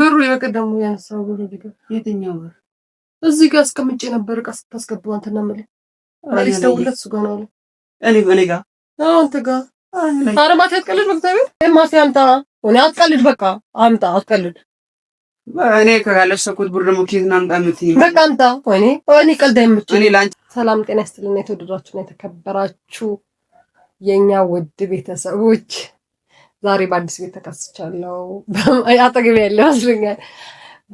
ብሩ የቀደሙ ያነሳው ብሩ ቢገ የትኛው ብር? እዚህ ጋር አስቀምጬ ነበር። እቃ ስታስገባው አንተና ምለ ማለት ደውለት ሱጋ ነው አለ እኔ እኔ ጋር አዎ፣ አንተ ጋር ኧረ ማታ አትቀልድ፣ በእግዚአብሔር ማታ አምጣ። እኔ አትቀልድ፣ በቃ አምጣ፣ አትቀልድ። እኔ ካለሰኩት ብር ደግሞ ኬት ናምጣ የምትይኝ? በቃ አምጣ። ወይኔ እኔ ቀልድ አይመችም። እኔ ላንቺ ሰላም ጤና ይስጥልና የተወደዳችሁና የተከበራችሁ የኛ ውድ ቤተሰቦች ዛሬ በአዲስ ቤት ተከስቻለሁ። አጠገቤ ያለ ይመስለኛል።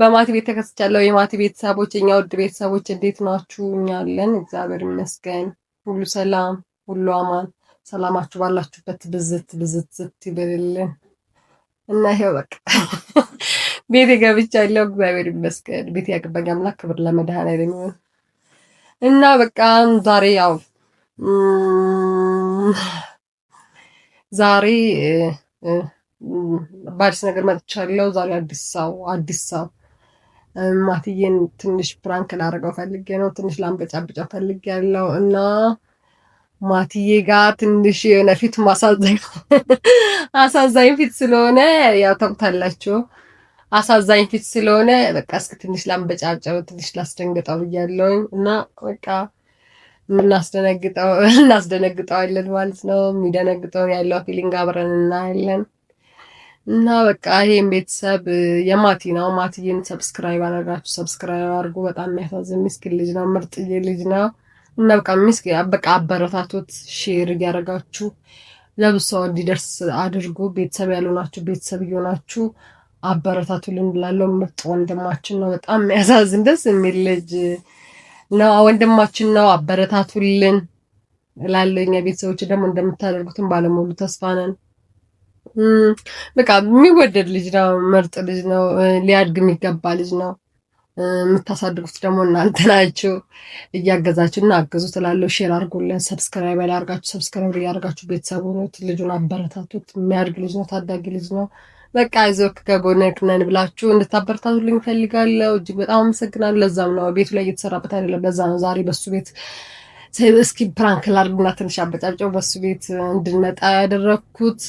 በማት ቤት ተከስቻለሁ። የማት ቤተሰቦች፣ እኛ ውድ ቤተሰቦች እንዴት ናችሁ? እኛለን እግዚአብሔር ይመስገን። ሁሉ ሰላም፣ ሁሉ አማን። ሰላማችሁ ባላችሁበት ብዝት ብዝት ዝት ይበልልን እና ይሄው በቃ ቤቴ ገብቻለሁ። እግዚአብሔር ይመስገን። ቤት ያገባኝ አምላክ ክብር ለመድኃኔዓለም ይሁን እና በቃ ዛሬ ያው ዛሬ በአዲስ ነገር መጥቻለሁ። ዛሬ አዲስ ሰው አዲስ ሰው ማትዬን ትንሽ ፕራንክ ላደርገው ፈልጌ ነው። ትንሽ ላንበጫብጨው ፈልጌ ያለው እና ማትዬ ጋር ትንሽ የሆነ ፊት አሳዛኝ አሳዛኝ ፊት ስለሆነ ያው ታውቁታላችሁ፣ አሳዛኝ ፊት ስለሆነ በቃ እስኪ ትንሽ ላንበጫብጨው፣ ትንሽ ላስደንግጠው ብያለሁኝ እና በቃ እናስደነግጠዋለን ማለት ነው። የሚደነግጠው ያለው ፊሊንግ አብረን እናያለን። እና በቃ ይሄን ቤተሰብ የማቲ ነው። ማቲን ሰብስክራይብ አደረጋችሁ፣ ሰብስክራይብ አድርጉ። በጣም የሚያሳዝን ሚስኪን ልጅ ነው፣ ምርጥዬ ልጅ ነው። እና በቃ ሚስኪን በቃ አበረታቶት፣ ሼር እያደረጋችሁ ለብዙ ሰው እንዲደርስ አድርጉ። ቤተሰብ ያልሆናችሁ ቤተሰብ እየሆናችሁ አበረታቱ ልንላለው። ምርጥ ወንድማችን ነው። በጣም የሚያሳዝን ደስ የሚል ልጅ ነው ወንድማችን ነው አበረታቱልን እላለሁ። እኛ ቤተሰቦች ደግሞ እንደምታደርጉትን ባለሙሉ ተስፋ ነን። በቃ የሚወደድ ልጅ ነው፣ ምርጥ ልጅ ነው፣ ሊያድግ የሚገባ ልጅ ነው። የምታሳድጉት ደግሞ እናንተ ናችሁ። እያገዛችሁ እና አገዙ ትላለሁ። ሼር አድርጉልን፣ ሰብስክራይብ ያላርጋችሁ ሰብስክራይብ እያደርጋችሁ ቤተሰቡ ልጁን አበረታቱት። የሚያድግ ልጅ ነው፣ ታዳጊ ልጅ ነው። በቃ አይዞህ ከጎንህ ነን ብላችሁ እንድታበረታቱልኝ እፈልጋለሁ። እጅግ በጣም አመሰግናለሁ። ለዛም ነው ቤቱ ላይ እየተሰራበት አይደለም። ለዛ ነው ዛሬ በሱ ቤት እስኪ ፕራንክ ላድርግና ትንሽ አበጫጭው በሱ ቤት እንድንመጣ ያደረግኩት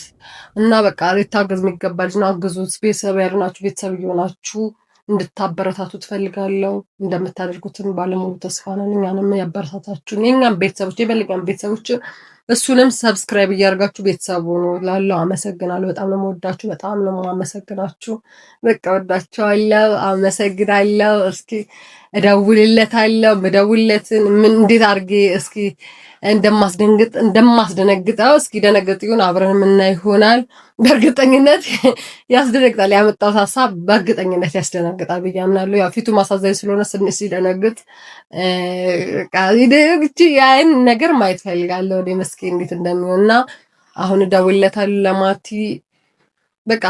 እና በቃ ሊታገዝ የሚገባ ልጅ ነው። አግዙት። ቤተሰብ ያልሆናችሁ ቤተሰብ እየሆናችሁ እንድታበረታቱ ትፈልጋለሁ። እንደምታደርጉትን ባለሙሉ ተስፋ ነን። እኛንም ያበረታታችሁን የእኛም ቤተሰቦች የበለኛም ቤተሰቦች እሱንም ሰብስክራይብ እያደርጋችሁ ቤተሰቡ ላለው አመሰግናለሁ። በጣም ነው የምወዳችሁ፣ በጣም ነው የማመሰግናችሁ። በቃ ወዳችኋለሁ፣ አመሰግናለሁ። እስኪ እደውልለታለሁ፣ መደውልለትን ምን እንዴት አድርጌ እስኪ እንደማስደንግጥ እንደማስደነግጠው እስኪ ደነግጥ ይሁን አብረን የምናይ ይሆናል። በእርግጠኝነት ያስደነግጣል። ያመጣሁት ሀሳብ በእርግጠኝነት ያስደነግጣል ብዬ አምናለሁ። ያው ፊቱ ማሳዘኝ ስለሆነ ስንሽ ሲደነግጥ ያይን ነገር ማየት ፈልጋለሁ። ወደ መስኪ እንዴት እና አሁን እደውልለታለሁ ለማቲ። በቃ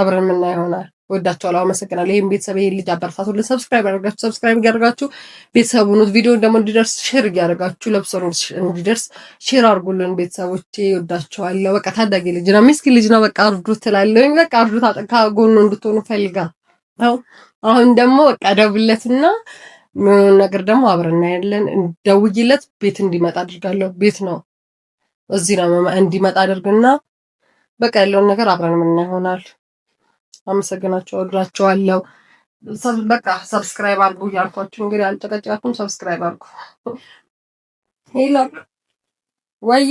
አብረን የምናይ ይሆናል። እወዳቸዋለሁ። አመሰግናለሁ። ይህም ቤተሰብ ይህን ልጅ አበረታቱ። ለሰብስክራይብ ያደርጋችሁ ሰብስክራይብ እያደርጋችሁ ቤተሰቡ ኑት። ቪዲዮ ደግሞ እንዲደርስ ሼር እያደርጋችሁ ለብሶ እንዲደርስ ሼር አድርጉልን። ቤተሰቦቼ እወዳቸዋለሁ። በቃ ታዳጊ ልጅ ነው፣ ምስኪን ልጅ ነው። በቃ እርዱት ትላለኝ። በቃ ታጠቃ ጎኑ እንድትሆኑ ፈልጋ ነው። አሁን ደግሞ በቃ ደውለትና ምኑን ነገር ደግሞ አብረና ያለን ደውይለት ቤት እንዲመጣ አድርጋለሁ። ቤት ነው እዚህ ነው እንዲመጣ አድርግና በቃ ያለውን ነገር አብረን ምን ይሆናል አመሰግናቸው ወዳቸዋለሁ። በቃ ሰብስክራይብ አድርጉ እያልኳችሁ እንግዲህ አልጨቀጨቅኩም። ሰብስክራይብ አድርጉ። ሄሎ ወይ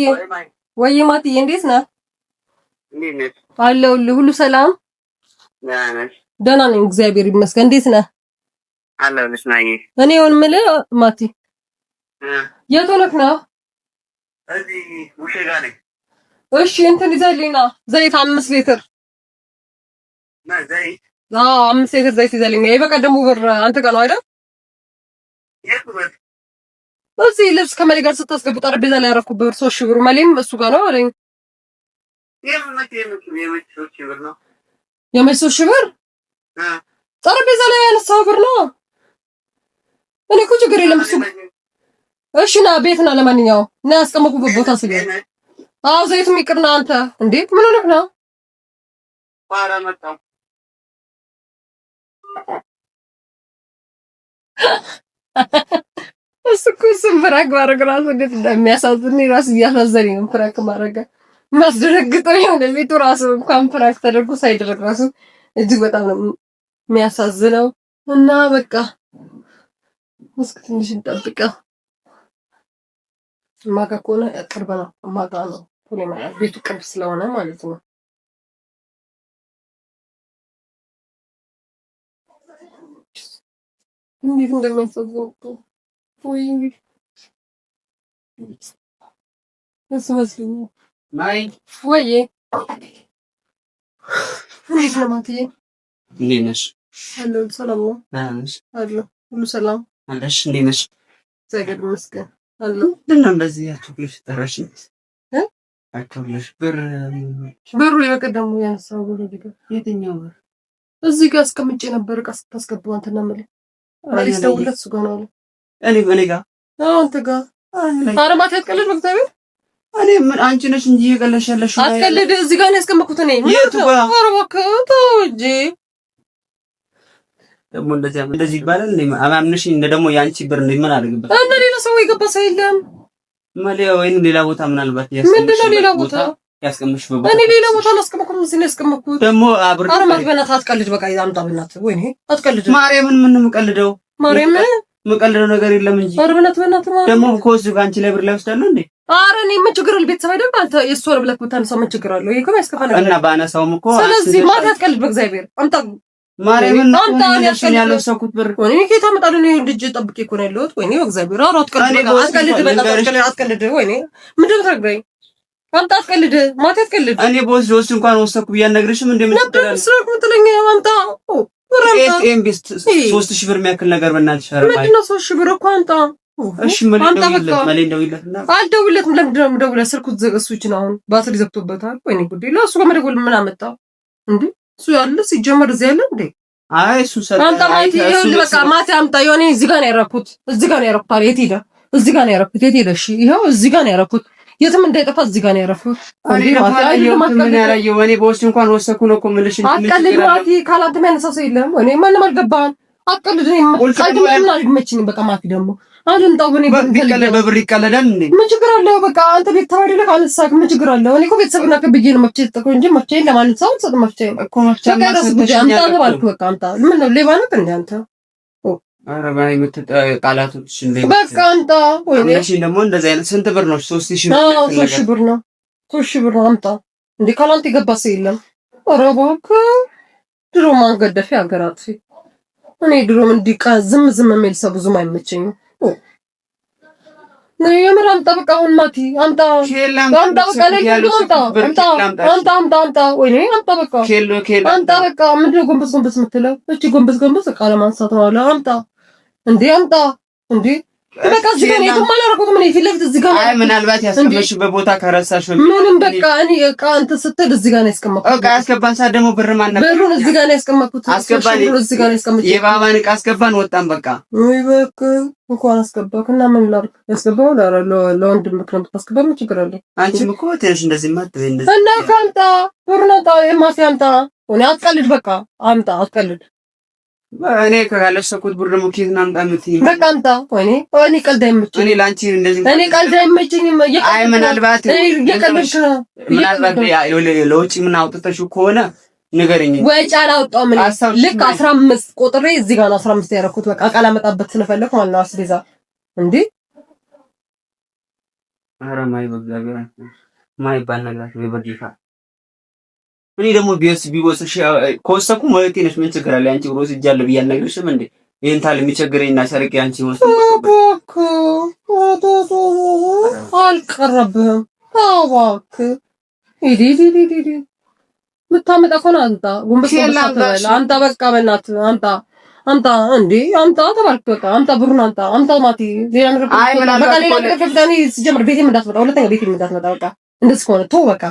ወይዬ ማትዬ እንዴት ነህ? አለሁልህ። ሁሉ ሰላም? ደህና ነኝ እግዚአብሔር ይመስገን። እንዴት ነህ? አለሁልሽ ነኝ። እኔ ሆን ምል ማቲ የት ሆነህ ነው? እዚህ ውሼ ጋር ነኝ። እሺ እንትን ይዘህልኝ ና ዘይት አምስት ሊትር አምስት ሴትር ዘይት ይዘልኝ። የበቀደሙ ብር አንተ ጋር ነው አይደል? እዚህ ልብስ ከመሌ ጋር ስታስገቡ ጠረጴዛ ላይ ያረፍኩት ብር ሶስት ሺህ ብሩ መሌም እሱ ጋር ነው አለኝ። የመቼ ሶስት ሺህ ብር ጠረጴዛ ላይ ያነሳው ብር ነው። እኔ እኮ ችግር የለም እሱ እሺ ና ቤት ና። ለማንኛውም ና ያስቀመጥኩበት ቦታ ስለ አዎ ዘይቱም ይቅርና አንተ እንዴ ምን ሆነህ ነው? እሱ እኮ እሱን ፍራክ ማድረግ ራሱ እንዴት እንደሚያሳዝን ራሱ እያሳዘነኝ ነው። ፍራክ ማድረግ የሚያስደነግጠው የሆነ ቤቱ ራሱ እንኳን ፍራክ ተደርጎ ሳይደረግ ራሱ እጅግ በጣም ነው የሚያሳዝነው። እና በቃ እስኪ ትንሽ እንጠብቀው። እማጋ ከሆነ ቅርብ ነው። እማጋ ነው ቤቱ ቅርብ ስለሆነ ማለት ነው። እንዴት እንደሚያሳዝንኩ ወይ እሱ መስሎኝ ማይ ወይ እንዴት ነው ማትዬ? እንዴት ነሽ? አለሁ። ሰላም ነው? ደህና ነሽ? ሁሉ ሰላም አለሽ? እንዴት ነሽ? እግዚአብሔር ይመስገን አለሁ። ምንድን ነው እንደዚህ ያቸው ብለሽ ጠራሽኝ? ብር ብሩ የበቀደሙ ያነሳው ብር የትኛው ብር? እዚህ ጋር አስቀምጬ ነበር። ዕቃ ስታስገባው አንተና ስደውልለት እሱ ጋር እኔ አንተ በእግዚአብሔር እኔ ምን አንቺ ነሽ እንጂ ያለሽው። አትቀልድ። እዚህ ጋር ነው ያስቀመጥኩት እኔ። ኧረ እባክህ ተው እንጂ ደግሞ እንደዚህ እንደዚህ ይባላል። እንደ ደግሞ የአንቺ ብር እንደ ምን አድርግበት እና ሌላ ሰው የገባ ሰው የለም። ሌላ ቦታ ምናልባት ያስ ምንድን ነው ሌላ ቦታ ያስቀምሽ በቦታ እኔ ሌላ ቦታ አላስቀመኩም። እዚህ ነው ያስቀመኩት። ደግሞ አብር አረ በእናትህ አትቀልድ። በቃ ይዛምጣ በእናትህ። ወይኔ አትቀልድ። ማርያምን ምን የምቀልደው? ማርያምን የምቀልደው ነገር የለም እንጂ አረ በእናትህ በእናትህ። ደግሞ ከወስድ ከአንቺ ላይ ብር ላይ ወስዳለሁ እንዴ? አረ እኔ ምን ችግር አለ? ቤተሰብ አይደል አንተ የእሱ ወር ብለህ ብታነሳው ምን ችግር አለው? ይሄ እኮ ያስከፋ ነገር እና ባነሳውም እኮ ስለዚህ ማታ አትቀልድ። በእግዚአብሔር አምጣ ማርያምን ያልወሰድኩት ብር ወይኔ ከየት አመጣለሁ? እኔ ልጅ ጠብቄ እኮ ነው ያለሁት። ወይኔ በእግዚአብሔር ኧረ አትቀልድ፣ አትቀልድ፣ አትቀልድ። ወይኔ ምንድን ነው የምትረግበኝ? አምጣትቀልድ ማታ ትቀልድ እኔ ቦስ ጆስ እንኳን ወሰንኩ ብያት ነግሬሽም እንደምትደረግ ሶስት ሺህ ብር የሚያክል ነገር በእናትሽ ሺህ ብር እሺ ነው ባትሪ ዘግቶበታል። ወይኔ ጉዴ! ለእሱ ጋር ምን አመጣው እንዴ? እሱ ያለ ሲጀመር እዚህ ያለ እንዴ? አይ እሱ ሰጠ። አምጣ ማታ አምጣ። የሆነ እዚህ ጋር ነው ያደረኩት፣ እዚህ ጋር ነው ያደረኩት። የት ሄደ? እዚህ ጋር ነው ያደረኩት። የት ሄደ? እሺ ይኸው እዚህ ጋር ነው ያደረኩት የትም እንዳይጠፋ እዚህ ጋር ነው ያረፈው። ሰው የለም። እኔ ማንም አልገባህም። አንተ ሌባ ነህ እንደ አንተ ቃላቶች በቃ ስንት ብር ነው? ሶስት ሺህ ብር ነው። ሶስት ሺህ ብር ነው። አምጣ እንዴ! ካላንተ የገባ ሰው የለም። ኧረ እባክህ ድሮ ማን ገደፈ ሀገር አጥፊ። እኔ ድሮም እንዲህ ዝም ዝም የሚል ሰው ብዙም አይመቸኝም። የምር አምጣ በቃ አሁን ማቲ አምጣ አምጣ በቃ አምጣ አምጣ አምጣ አምጣ ወይኔ አምጣ በቃ አምጣ በቃ ምንድን ነው ጎንበስ ጎንበስ የምትለው? እቺ ጎንበስ ጎንበስ ዕቃ ለማንሳት ነው አለ አምጣ እንዴ አምጣ እንዴ በቃ እዚህ ጋር ነው የማላረኩት። ፊት ለፊት እዚህ ጋር አይ ምናልባት ያስቀመጥሽበት ቦታ ከረሳሽ ምንም በቃ እኔ እቃ እንትን ስትል እዚህ ጋር ነው ያስቀመጥኩት። በቃ ያስገባን ሰዓት ደግሞ ብር ማን ነበር ብሩን እዚህ ጋር ነው ያስቀመጥኩት። አስገባን እዚህ ጋር ነው ያስቀመጥኩት። የባባን እቃ አስገባን፣ ወጣን በቃ ወይ በቃ እንኳን አስገባክ እና ምን ላድርግ? ያስገባው ለወንድም ምክንያት ብታስገባ ምን ችግር አለ? አንቺም እኮ ትንሽ እንደዚህ ማትበይ እንደዚህ እና ካምጣ ብሩን አምጣ፣ የማፊያ አምጣ። እኔ አትቀልድ በቃ አምጣ፣ አትቀልድ እኔ ካለሰኩት ብር ደግሞ ኬት ናምጣ የምትይኝ? በቃ አምጣ። እኔ እኔ ቀልድ አይመችኝም። እኔ ለአንቺ እንደዚህ እኔ ቀልድ አይመችኝም። አይ ምናልባት እየቀለድሽ ነው። ምናልባት ለውጭ ምን አውጥተሽው ከሆነ ንገረኝ። ወጪ አላወጣሁም። ልክ አስራ አምስት ቆጥሬ እዚህ ጋር ነው አስራ አምስት ያደረኩት። በቃ ቃል አመጣበት ስለፈለኩ ማለት ነው። አስቤዛ እንደ ኧረ ማይ በእግዚአብሔር ማይ ባል ወይ በጌታ እኔ ደግሞ ቢወስ ቢወስሽ ከወሰንኩ ነሽ። ምን ችግር አለ? አንቺ ሮዝ እጃለሁ ብዬሽ አልነግርሽም እንዴ? ይህን ታል የሚቸግረኝና ሰርቅ አንቺ ወስ አልቀረብህም። እባክህ የምታመጣ ከሆነ በቃ እንዴ ተባልክ። በቃ ብሩን ማቲ ሌላ ነገር በቃ ሌላ ነገር ከፍተህ ስጀምር እንዳትመጣ፣ ሁለተኛ እንዳትመጣ። በቃ እንደዚህ ከሆነ ተው፣ በቃ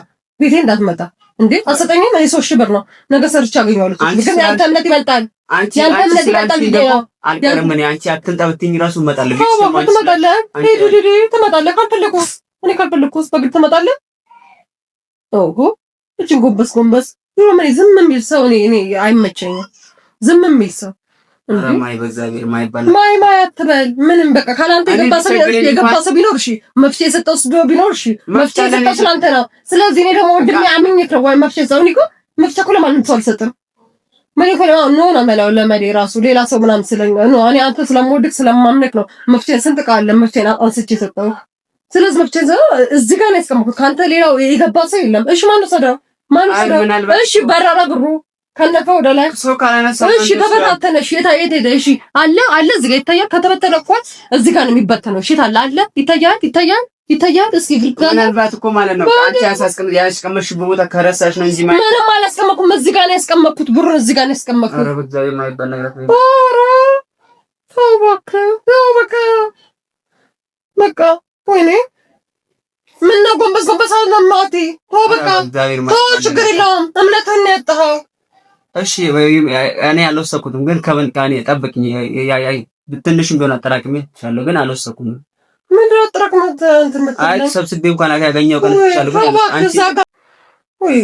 ቤቴ እንዳትመጣ እንዴ አሰጠኝ ነው የሶስት ሺህ ብር ነው። ነገ ሰርቼ አገኘዋለሁ። ግን ያንተ እምነት ይበልጣል። አንቺ ያንተ እምነት ይበልጣል። አልቀርም እኔ አንቺ አትንጠብትኝ። ራሱ እመጣለሁ። ትመጣለህ፣ ትመጣለህ። ካልፈለኩስ እኔ ካልፈለኩስ በግድ ትመጣለህ። ኦሆ እችን ጎንበስ ጎንበስ ዝም የሚል ሰው እኔ አይመቸኝም። ዝም የሚል ሰው ማይ በእግዚአብሔር ማይ ማይ አትበል። ምንም በቃ ካላንተ የገባ ሰው ቢኖር እሺ፣ መፍትሄ የሰጠው ቢኖር እሺ፣ መፍትሄ የሰጠው ነው። ስለዚህ እኔ ደግሞ አምኜት ነው ወይ መፍትሄ ሰው መፍትሄ እኮ ለማንም ሰው አልሰጥም። ምን ይኮ ነው ለመዴ ራሱ ሌላ ሰው ስለኛ ነው። እኔ አንተ ስለማምነክ ነው መፍትሄ ስንት ቃል መፍትሄ አንስቼ የሰጠው። ስለዚህ መፍትሄ ሰው እዚህ ጋር ነው ያስቀመጥኩት። ካንተ ሌላው የገባ ሰው የለም። እሺ እሺ በራራ ብሩ ከለፈ ወደ ላይ እሺ፣ ተበታተነ። እሺ፣ የት ሄደ? እሺ፣ አለ አለ፣ እዚህ ጋር ይታያል። ከተበተነ እኮ እዚህ ጋር ነው የሚበተነው። እሺ፣ ታለ አለ፣ ይታያል፣ ይታያል፣ ይታያል። እስኪ ግልጋል ምናልባት እኮ ማለት ነው አንቺ ያስቀመሽ ቦታ ከረሳሽ ነው እንጂ ማለት ምንም አላስቀመጥኩም። እዚህ ጋር ነው ያስቀመጥኩት፣ ብሩን እዚህ ጋር ነው ያስቀመጥኩት። ኧረ በእግዚአብሔር የማይባል ነገር ኧረ ተው እባክህ፣ ተው እባክህ። በቃ ወይኔ ምነው ጎንበስ ጎንበስ አለ ማቲ። ተው በቃ ተው፣ ችግር የለውም። እምነትህን ነው ያጣኸው እሺ እኔ አልወሰኩትም፣ ግን ከምን ጠብቅኝ። ያያይ ጠብቅኝ። ትንሽም ቢሆን አጠራቅሜ ትችላለሁ፣ ግን አልወሰኩም። ምንድን ነው አጠራቅመህ እንትን የምትለው? አይ ሰብስቤ እንኳን ያገኘው ቀን ትችላለህ፣ ግን አንቺ ወይ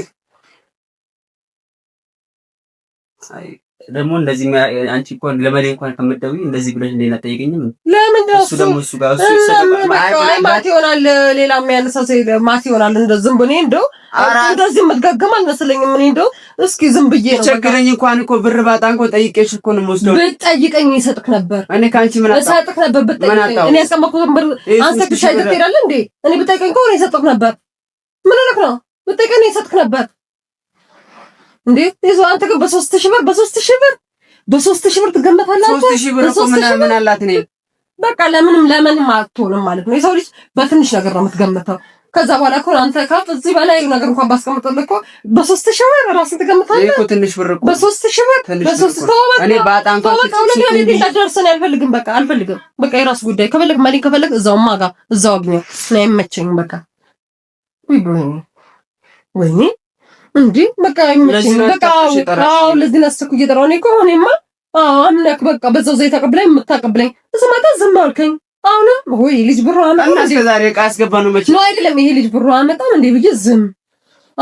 አይ ደግሞ እንደዚህ አንቺ እኮ ለመሌ እንኳን ከምትደውይ እንደዚህ ብለሽ እንዴት ጠይቀኝም ለምን ነው እሱ ደግሞ እሱ ጋር እሱ ሰበቃይ ማት ይሆናል፣ ሌላ የሚያነሳው ሰው ማት ይሆናል። እንደ ዝም ብኔ እንደው እንደዚህ የምትጋገም አልመስለኝም። እኔ እንደው እስኪ ዝም ብዬ ነው ቸገረኝ። እንኳን እኮ ብር ባጣ እንኳን ጠይቄሽ እኮ ነው የምወስደው። ብትጠይቀኝ ይሰጥክ ነበር። እኔ ካንቺ ምን አጣው እሰጥክ ነበር ብትጠይቀኝ። እኔ ያስቀመጥኩት ብር አንተ ትሻይ ትሄዳለህ እንዴ? እኔ ብጠይቀኝ እኮ ይሰጥክ ነበር። ምን ልክ ነው ብትጠይቀኝ ይሰጥክ ነበር። እንዴት ይዘው አንተ ከ በሶስት ሺህ ብር በሶስት ሺህ ብር በሶስት ሺህ ብር ትገመታለህ። ሶስት ሺህ ብር ምን አላት? እኔ በቃ ለምንም ለምንም አትሆንም ማለት ነው። የሰው ልጅ በትንሽ ነገር ነው የምትገምተው። ከዛ በኋላ እኮ አንተ በላይ ነገር እንኳን እኮ በሶስት ሺህ ብር ትገምታለህ እኮ ትንሽ ብር እኮ በሶስት ሺህ ብር በሶስት እኔ በጣም ታደርሰን አልፈልግም። በቃ አልፈልግም። በቃ የራስ ጉዳይ ከፈለግ ከፈለግ እዛው ማጋ እዛው አግኘው ነው በቃ ወይ ወይኔ እንዴ በቃ በቃ አዎ፣ ለዚህ ነስኩ እየጠራሁ እኔ እኮ እኔማ አዎ አምነክ በቃ በዛው ዘይ አቀብለኝ የምታቀብለኝ እስመጣ ዝም አልከኝ። አሁን ወይ ልጅ ብሩ አመጣ ዛሬ ዕቃ ያስገባ መቼ ነው አይደለም ይሄ ልጅ ብሩ አመጣም እንዴ ብዬ ዝም።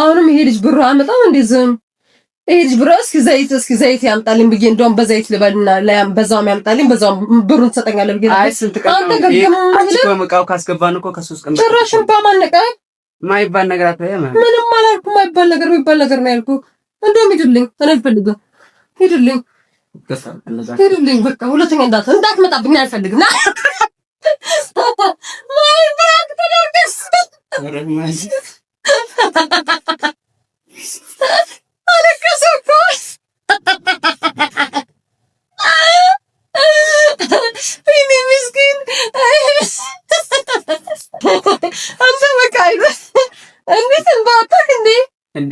አሁንም ይሄ ልጅ ብሩ አመጣም እንዴ ዝም። ይሄ ልጅ ብሩ እስኪ ዘይት እስኪ ዘይት ያምጣልኝ ብዬ እንደውም በዘይት ልበልና በዛውም ያምጣልኝ በዛውም ብሩን ትሰጠኛለህ ብዬ አይ ስንት ቀን አንተ ገርገም ማለት ነው። እቃው ካስገባን እኮ ከሶስት ቀን ጭራሽም ባማነቀኝ ማይባል ነገር አታየ ማለት ምንም አላልኩም። ማይባል ነገር የሚባል ነገር ነው ያልኩ። እንደውም ሂድልኝ፣ እኔ አልፈልግም። ሂድልኝ፣ ሂድልኝ። በቃ ሁለተኛ እንዳት እንዳትመጣብኝ አልፈልግም። ና ማይባል ተደርገስ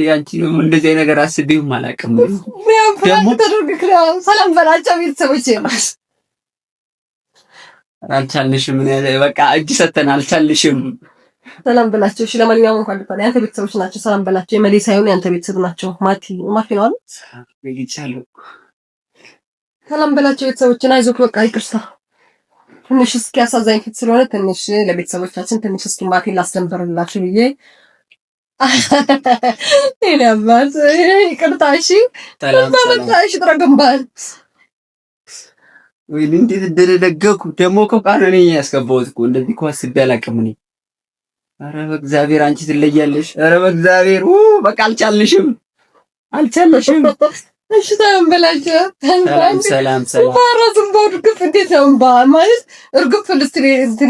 እንደ አንቺ ነው እንደዚህ ነገር አስቤውም አላውቅም። ደግሞ ሰላም በላቸው ቤተሰቦች አልቻልንሽም። በቃ እጅ ሰተን አልቻልንሽም። ሰላም በላቸው። እሺ ለማንኛውም እንኳን ልባል ያንተ ቤተሰቦች ናቸው። ሰላም በላቸው። የመሌ ሳይሆን ያንተ ቤተሰብ ናቸው። ማቲ ማቲ ነው አይደል? ሰላም በላቸው ቤተሰቦችን። አይዞክ በቃ ይቅርታ። ትንሽ እስኪ አሳዛኝ ፊት ስለሆነ ትንሽ ለቤተሰቦቻችን ትንሽ እስኪ ማቲ ላስደንበርላችሁ ብዬ ይነባት ይቅርታሽ በመጣሽ ጥረግባል። ወይኔ እንዴት እንደደነገኩ ደግሞ እኮ ቃል እኔ ያስገባሁት እኮ እንደዚህ እኮ አስቤ አላውቅም እኔ። ኧረ በእግዚአብሔር አንቺ ትለያለሽ። ኧረ በእግዚአብሔር በቃ አልቻልሽም፣ አልቻልሽም። እሺ ታም ሰላም ሰላም ሰላም። ባራ እንዴት ነው እምባ ማለት እርግፍ ልስት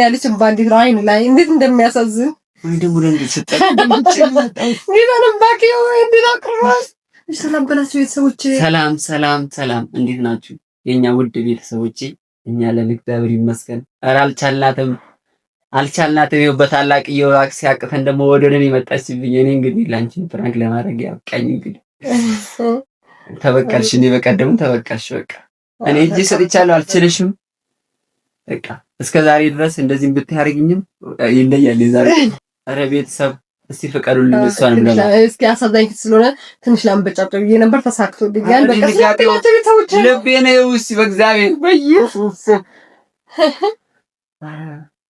ያለች እምባ እንዴት ነው አይኑ ላይ እንዴት እንደሚያሳዝን ወይ ደግሞ ሰላም በላቸው ቤተሰቦች። ሰላም ሰላም ሰላም፣ እንዴት ናችሁ የእኛ ውድ ቤተሰቦች? እኛ ለእግዚአብሔር ይመስገን። ኧረ አልቻልናትም አልቻልናትም። ይኸው በታላቅ እየወራክ ሲያቅተን ደግሞ ወደ እኔ መጣችብኝ። እኔ እንግዲህ ላንቺን ፍራንክ ለማድረግ ያብቃኝ። እንግዲህ ተበቀልሽ። እኔ በቀደሙ ተበቀልሽ። በቃ እኔ እጅ ሰጥቻለሁ፣ አልችልሽም። በቃ እስከ ዛሬ ድረስ እንደዚህ ብታያርግኝም ይለያል የዛሬ ኧረ ቤተሰብ እስቲ ፍቀዱልኝ። እሷንም ለማ እስኪ አሳዛኝ ስለሆነ ትንሽ ላምበጫብጫ ብዬ ነበር፣ ተሳክቶልኛል። ልቤ ነው ውስ በእግዚአብሔር በኢየሱስ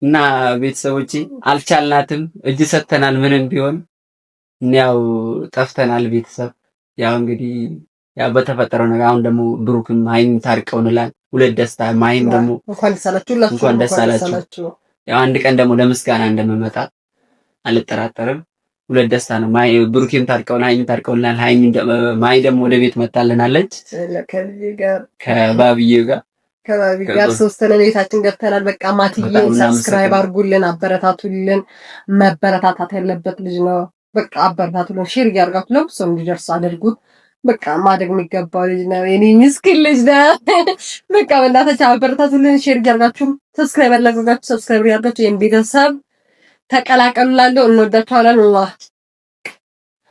እና ቤተሰቦች አልቻልናትም፣ እጅ ሰጥተናል። ምንም ቢሆን ያው ጠፍተናል። ቤተሰብ ያው እንግዲህ ያው በተፈጠረው ነገር አሁን ደግሞ ብሩክም ሀይም ታርቀው እንላል። ሁለት ደስታ ማይም ደግሞ እንኳን ደስ አላችሁ። ያው አንድ ቀን ደግሞ ለምስጋና እንደምመጣ አልጠራጠርም። ሁለት ደስታ ነው። ማይ ብሩኬም ታርቀውና ሀይሚም ታርቀውናል። ማይ ደግሞ ወደ ቤት መጣልናለች ከባብዬ ጋር ከባቢ ጋር ሶስተንን ቤታችን ገብተናል። በቃ ማትዬ ሰብስክራይብ አድርጉልን፣ አበረታቱልን። መበረታታት ያለበት ልጅ ነው። በቃ አበረታቱልን፣ ሼር እያደርጋችሁ ሰው እንዲደርስ አድርጉት። በቃ ማደግ የሚገባው ልጅ ነው። የኔ ምስኪን ልጅ ነው። በቃ በእናታችሁ አበረታቱልን፣ ሼር እያደርጋችሁ ሰብስክራይብ ያላደረጋችሁ ሰብስክራይብ እያደርጋችሁ ይህን ቤተሰብ ተቀላቀሉላለሁ። እንወዳችኋለን ላ